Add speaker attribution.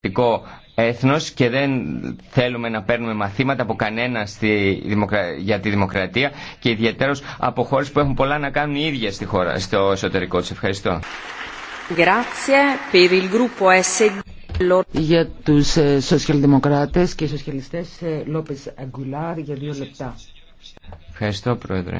Speaker 1: δημοκρατικό έθνος και δεν θέλουμε να παίρνουμε μαθήματα από κανένα στη δημοκρα... για τη δημοκρατία και ιδιαίτερω από χώρε που έχουν πολλά να κάνουν οι ίδιες στη χώρα, στο
Speaker 2: εσωτερικό τους. Ευχαριστώ.
Speaker 3: Για τους ε, σοσιαλδημοκράτες και σοσιαλιστές, ε, Λόπες Αγκουλάρ για δύο λεπτά.
Speaker 4: Ευχαριστώ, Πρόεδρε.